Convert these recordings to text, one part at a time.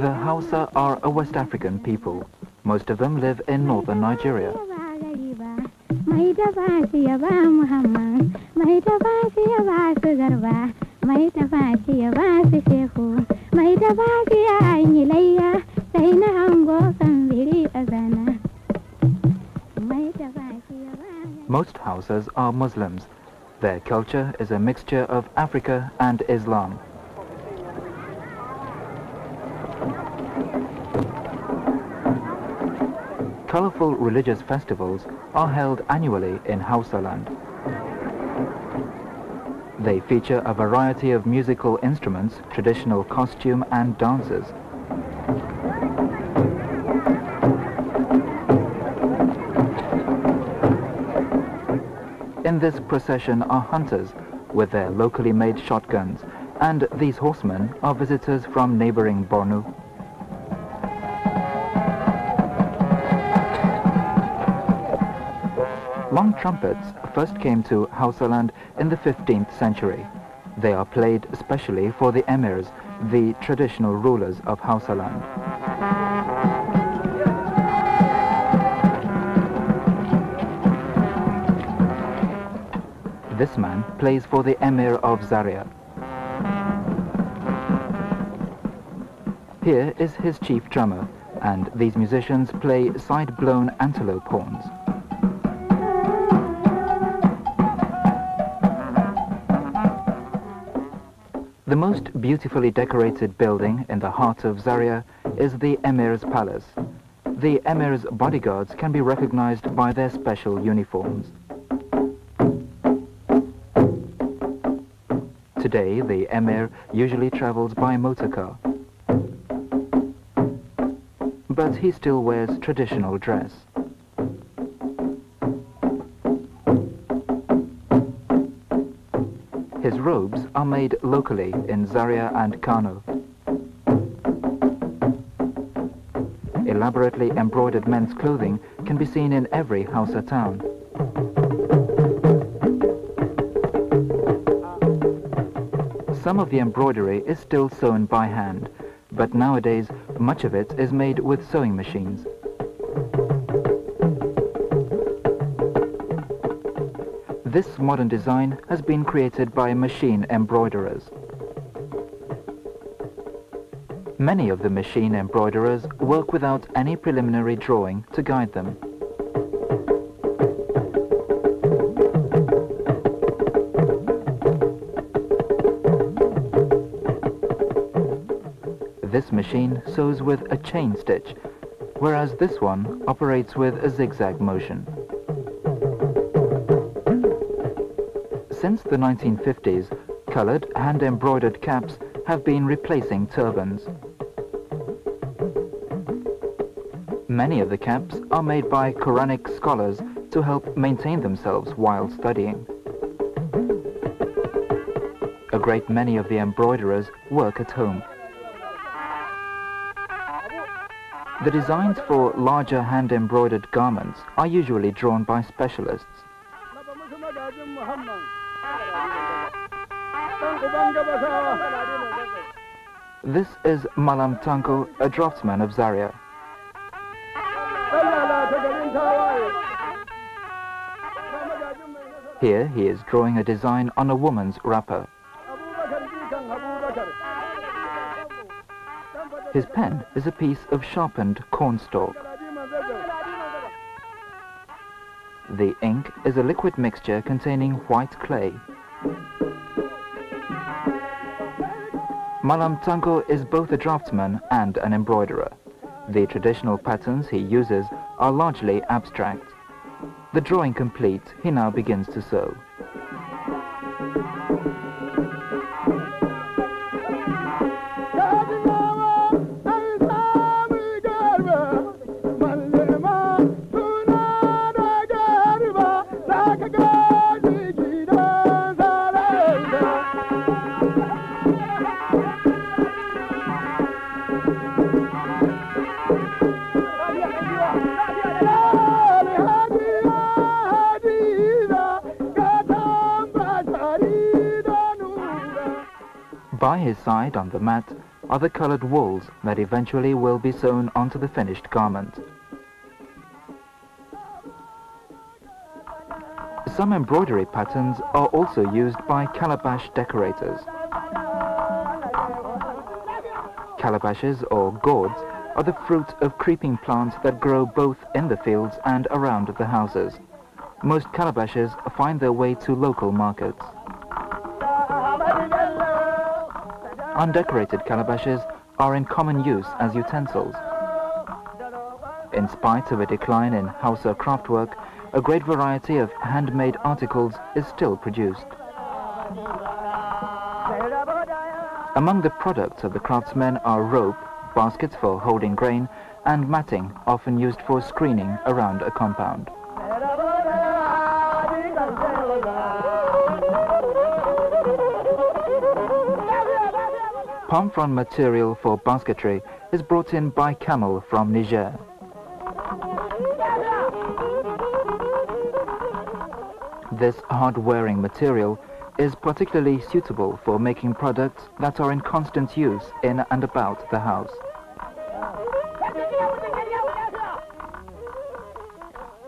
The Hausa are a West African people. Most of them live in northern Nigeria. Most Hausas are Muslims, their culture is a mixture of Africa and Islam. Colorful religious festivals are held annually in Hausaland. They feature a variety of musical instruments, traditional costume and dances, in this procession are hunters with their locally made shotguns, and these horsemen are visitors from neighboring Bornu. Long trumpets first came to Hausaland in the 15th century. They are played especially for the emirs, the traditional rulers of Hausaland. This man plays for the Emir of Zaria. Here is his chief drummer, and these musicians play side-blown antelope horns. The most beautifully decorated building in the heart of Zaria is the Emir's Palace. The Emir's bodyguards can be recognized by their special uniforms. Today, the emir usually travels by motorcar. But he still wears traditional dress. His robes are made locally in Zaria and Kano. Elaborately embroidered men's clothing can be seen in every Hausa town. some of the embroidery is still sewn by hand, but nowadays much of it is made with sewing machines. This modern design has been created by machine embroiderers. Many of the machine embroiderers work without any preliminary drawing to guide them. this machine sews with a chain stitch, whereas this one operates with a zigzag motion. Since the 1950s, coloured hand-embroidered caps have been replacing turbans. Many of the caps are made by Quranic scholars to help maintain themselves while studying. A great many of the embroiderers work at home The designs for larger hand-embroidered garments are usually drawn by specialists. This is Malam Tanko, a draftsman of Zaria. Here he is drawing a design on a woman's wrapper. His pen is a piece of sharpened cornstalk. The ink is a liquid mixture containing white clay. Malam Tanko is both a draftsman and an embroiderer. The traditional patterns he uses are largely abstract. The drawing complete, he now begins to sew. By his side on the mat are the colored wools that eventually will be sewn onto the finished garment. Some embroidery patterns are also used by calabash decorators. Calabashes or gourds are the fruit of creeping plants that grow both in the fields and around the houses. Most calabashes find their way to local markets. Undecorated calabashes are in common use as utensils. In spite of a decline in craft craftwork, a great variety of handmade articles is still produced. Among the products of the craftsmen are rope, baskets for holding grain, and matting, often used for screening around a compound. palm frond material for basketry is brought in by camel from Niger. This hard-wearing material is particularly suitable for making products that are in constant use in and about the house.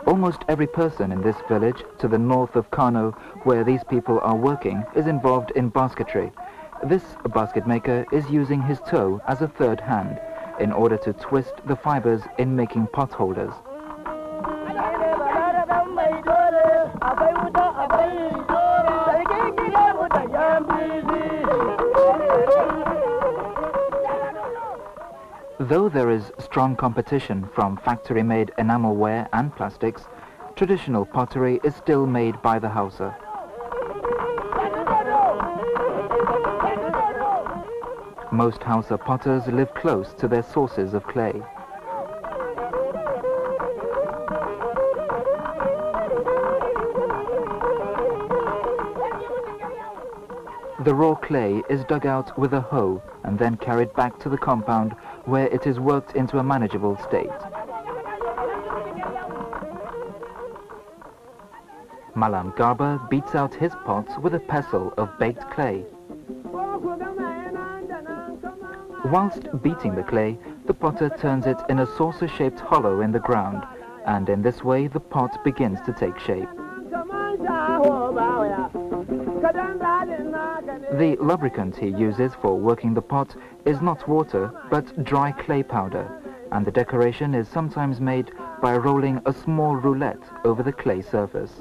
Almost every person in this village to the north of Kano where these people are working is involved in basketry this basket maker is using his toe as a third hand in order to twist the fibers in making pot holders. Though there is strong competition from factory-made enamelware and plastics, traditional pottery is still made by the Hausa. Most Hausa potters live close to their sources of clay. The raw clay is dug out with a hoe and then carried back to the compound where it is worked into a manageable state. Malam Garba beats out his pots with a pestle of baked clay. Whilst beating the clay, the potter turns it in a saucer-shaped hollow in the ground, and in this way the pot begins to take shape. The lubricant he uses for working the pot is not water, but dry clay powder, and the decoration is sometimes made by rolling a small roulette over the clay surface.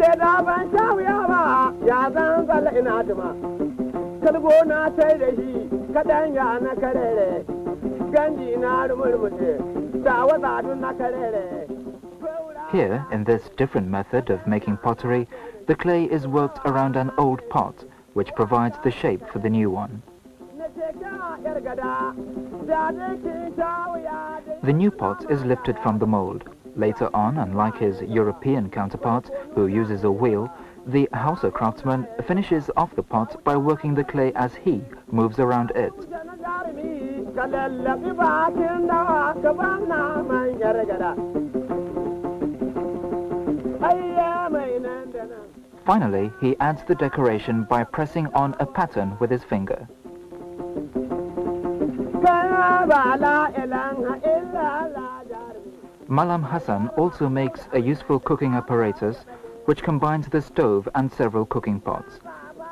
Here, in this different method of making pottery, the clay is worked around an old pot, which provides the shape for the new one. The new pot is lifted from the mold. Later on, unlike his European counterpart, who uses a wheel, the Hausa craftsman finishes off the pot by working the clay as he moves around it. Finally, he adds the decoration by pressing on a pattern with his finger. Malam Hassan also makes a useful cooking apparatus which combines the stove and several cooking pots.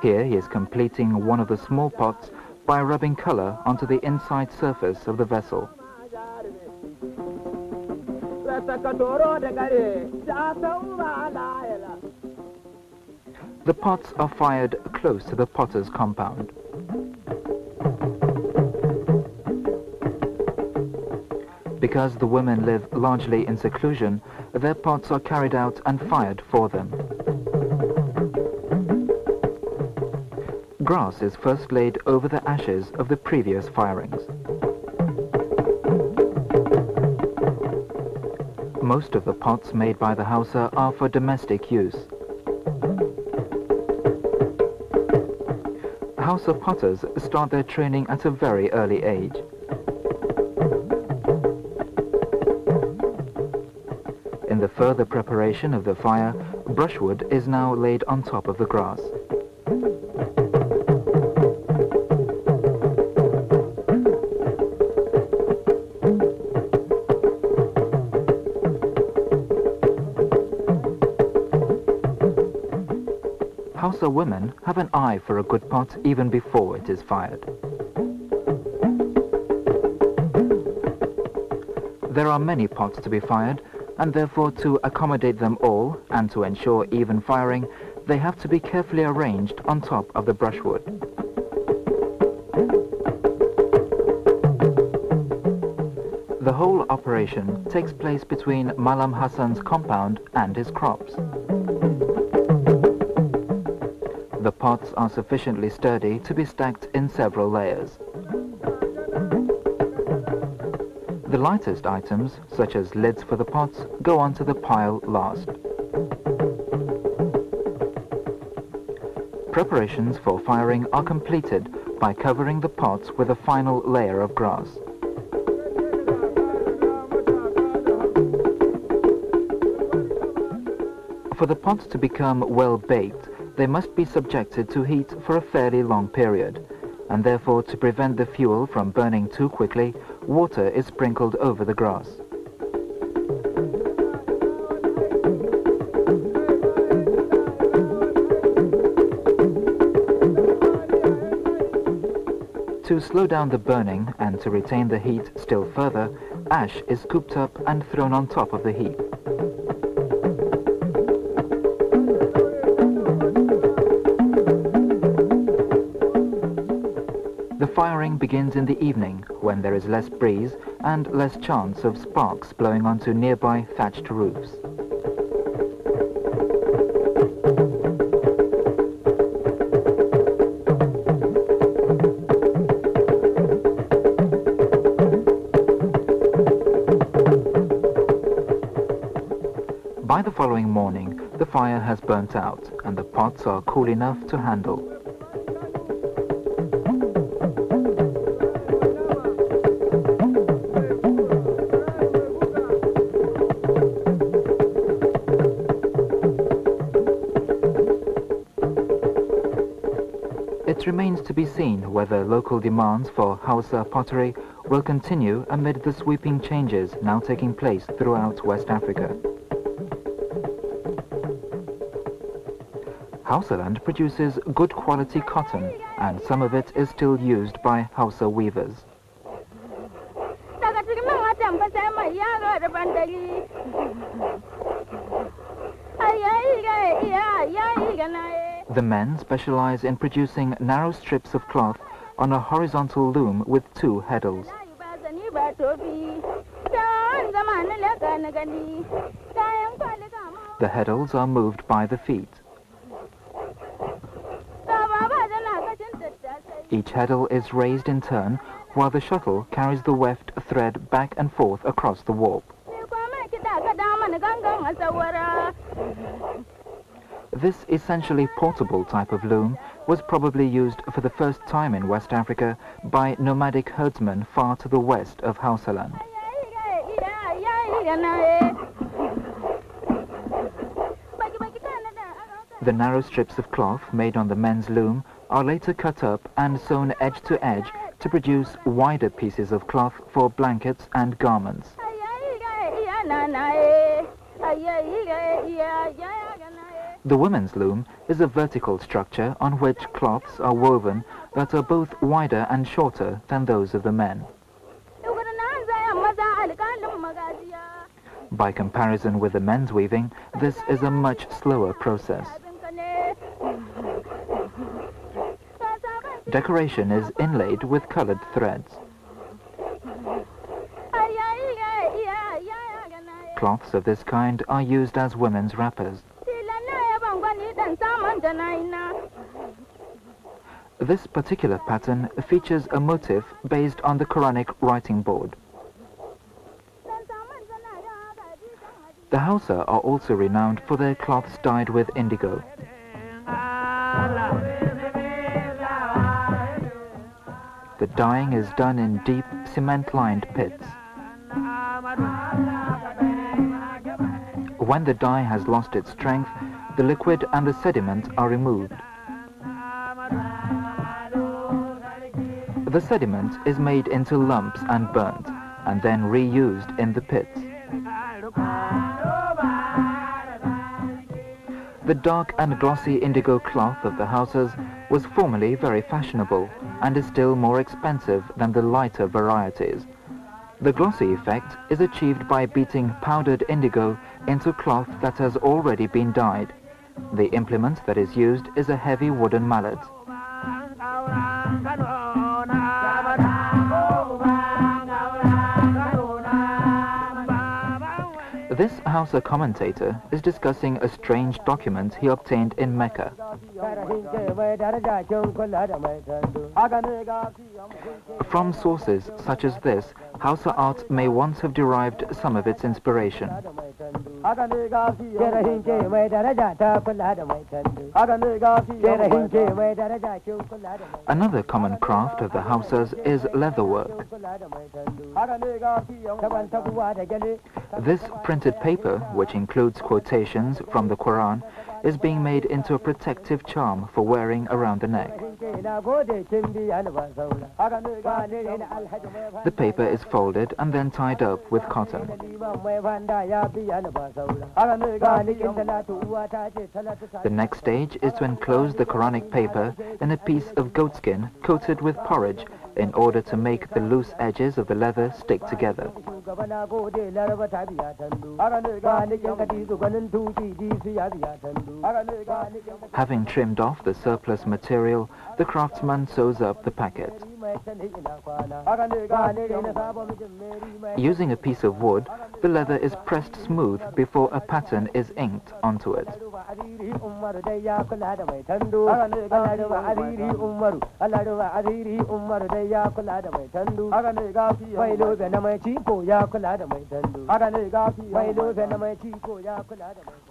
Here he is completing one of the small pots by rubbing color onto the inside surface of the vessel. The pots are fired close to the potter's compound. Because the women live largely in seclusion, their pots are carried out and fired for them. Grass is first laid over the ashes of the previous firings. Most of the pots made by the Hausa are for domestic use. Hausa potters start their training at a very early age. In the further preparation of the fire, brushwood is now laid on top of the grass. Hausa women have an eye for a good pot even before it is fired. There are many pots to be fired, and therefore to accommodate them all and to ensure even firing, they have to be carefully arranged on top of the brushwood. The whole operation takes place between Malam Hassan's compound and his crops. The pots are sufficiently sturdy to be stacked in several layers. The lightest items, such as lids for the pots, go onto the pile last. Preparations for firing are completed by covering the pots with a final layer of grass. For the pots to become well baked, they must be subjected to heat for a fairly long period, and therefore to prevent the fuel from burning too quickly, water is sprinkled over the grass. To slow down the burning and to retain the heat still further, ash is scooped up and thrown on top of the heap. Flowering begins in the evening when there is less breeze and less chance of sparks blowing onto nearby thatched roofs. By the following morning, the fire has burnt out and the pots are cool enough to handle. remains to be seen whether local demands for Hausa pottery will continue amid the sweeping changes now taking place throughout West Africa. Hausaland produces good quality cotton and some of it is still used by Hausa weavers. The men specialize in producing narrow strips of cloth on a horizontal loom with two heddles. The heddles are moved by the feet. Each heddle is raised in turn while the shuttle carries the weft thread back and forth across the warp. This essentially portable type of loom was probably used for the first time in West Africa by nomadic herdsmen far to the west of Hausaland. The narrow strips of cloth made on the men's loom are later cut up and sewn edge to edge to produce wider pieces of cloth for blankets and garments. The women's loom is a vertical structure on which cloths are woven that are both wider and shorter than those of the men. By comparison with the men's weaving, this is a much slower process. Decoration is inlaid with colored threads. Cloths of this kind are used as women's wrappers. This particular pattern features a motif based on the Quranic writing board. The Hausa are also renowned for their cloths dyed with indigo. The dyeing is done in deep, cement-lined pits. When the dye has lost its strength, the liquid and the sediment are removed. The sediment is made into lumps and burnt, and then reused in the pits. The dark and glossy indigo cloth of the houses was formerly very fashionable and is still more expensive than the lighter varieties. The glossy effect is achieved by beating powdered indigo into cloth that has already been dyed. The implement that is used is a heavy wooden mallet. This Hausa commentator is discussing a strange document he obtained in Mecca. From sources such as this, Hausa art may once have derived some of its inspiration. Another common craft of the Hausas is leatherwork. This printed paper, which includes quotations from the Quran, is being made into a protective charm for wearing around the neck. The paper is folded and then tied up with cotton. The next stage is to enclose the Quranic paper in a piece of goatskin coated with porridge in order to make the loose edges of the leather stick together. Having trimmed off the surplus material, the craftsman sews up the packet. Using a piece of wood, the leather is pressed smooth before a pattern is inked onto it.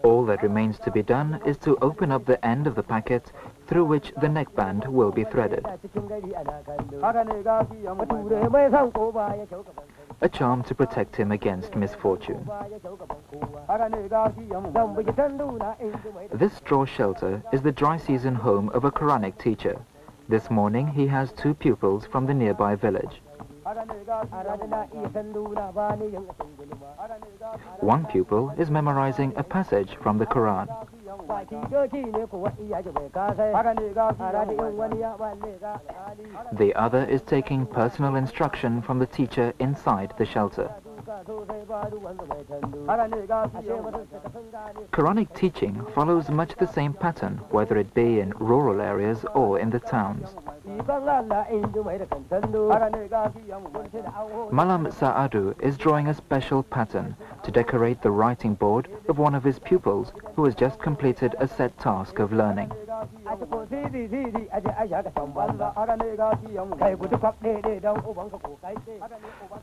All that remains to be done is to open up the end of the packet through which the neckband will be threaded. A charm to protect him against misfortune. This straw shelter is the dry season home of a Quranic teacher. This morning he has two pupils from the nearby village. One pupil is memorizing a passage from the Quran. The other is taking personal instruction from the teacher inside the shelter. Quranic teaching follows much the same pattern, whether it be in rural areas or in the towns. Malam Sa'adu is drawing a special pattern to decorate the writing board of one of his pupils who has just completed a set task of learning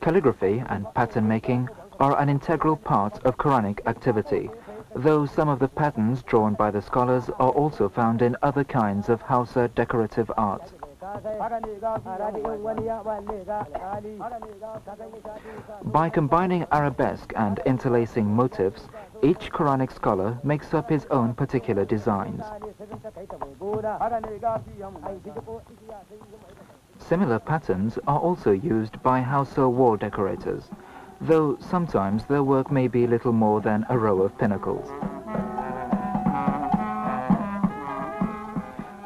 calligraphy and pattern making are an integral part of quranic activity though some of the patterns drawn by the scholars are also found in other kinds of Hausa decorative art by combining arabesque and interlacing motifs, each Quranic scholar makes up his own particular designs. Similar patterns are also used by household wall decorators, though sometimes their work may be little more than a row of pinnacles.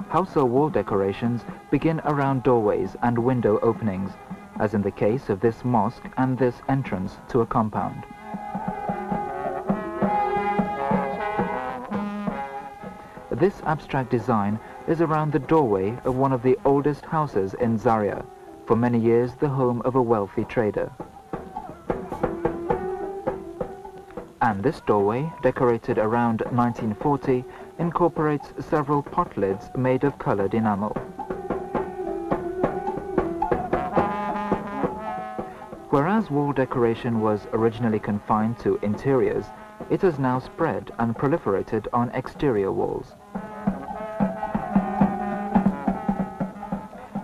household wall decorations begin around doorways and window openings, as in the case of this mosque and this entrance to a compound. This abstract design is around the doorway of one of the oldest houses in Zaria, for many years the home of a wealthy trader. And this doorway, decorated around 1940, incorporates several pot lids made of colored enamel. Whereas wall decoration was originally confined to interiors, it has now spread and proliferated on exterior walls.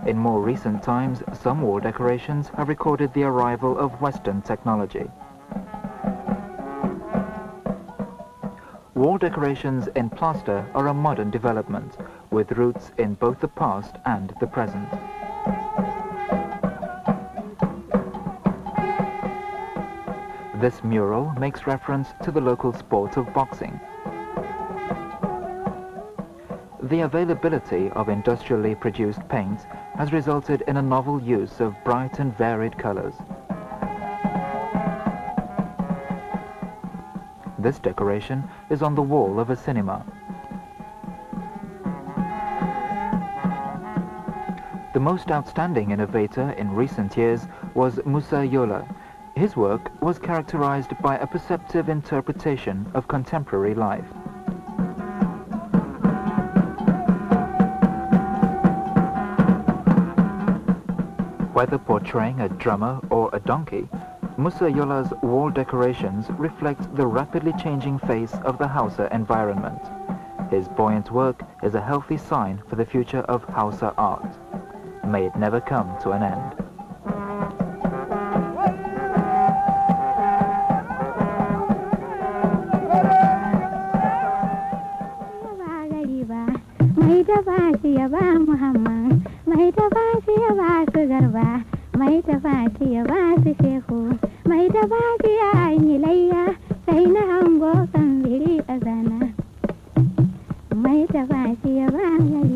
In more recent times, some wall decorations have recorded the arrival of Western technology. Wall decorations in plaster are a modern development, with roots in both the past and the present. This mural makes reference to the local sport of boxing. The availability of industrially produced paints has resulted in a novel use of bright and varied colors. This decoration is on the wall of a cinema. The most outstanding innovator in recent years was Musa Yola. His work was characterized by a perceptive interpretation of contemporary life. Whether portraying a drummer or a donkey, Musayola's wall decorations reflect the rapidly changing face of the Hausa environment. His buoyant work is a healthy sign for the future of Hausa art. May it never come to an end. mai ta ya ba su shehu mai ta ya an layya sai na hango kan biri a zana mai ta fatiya ba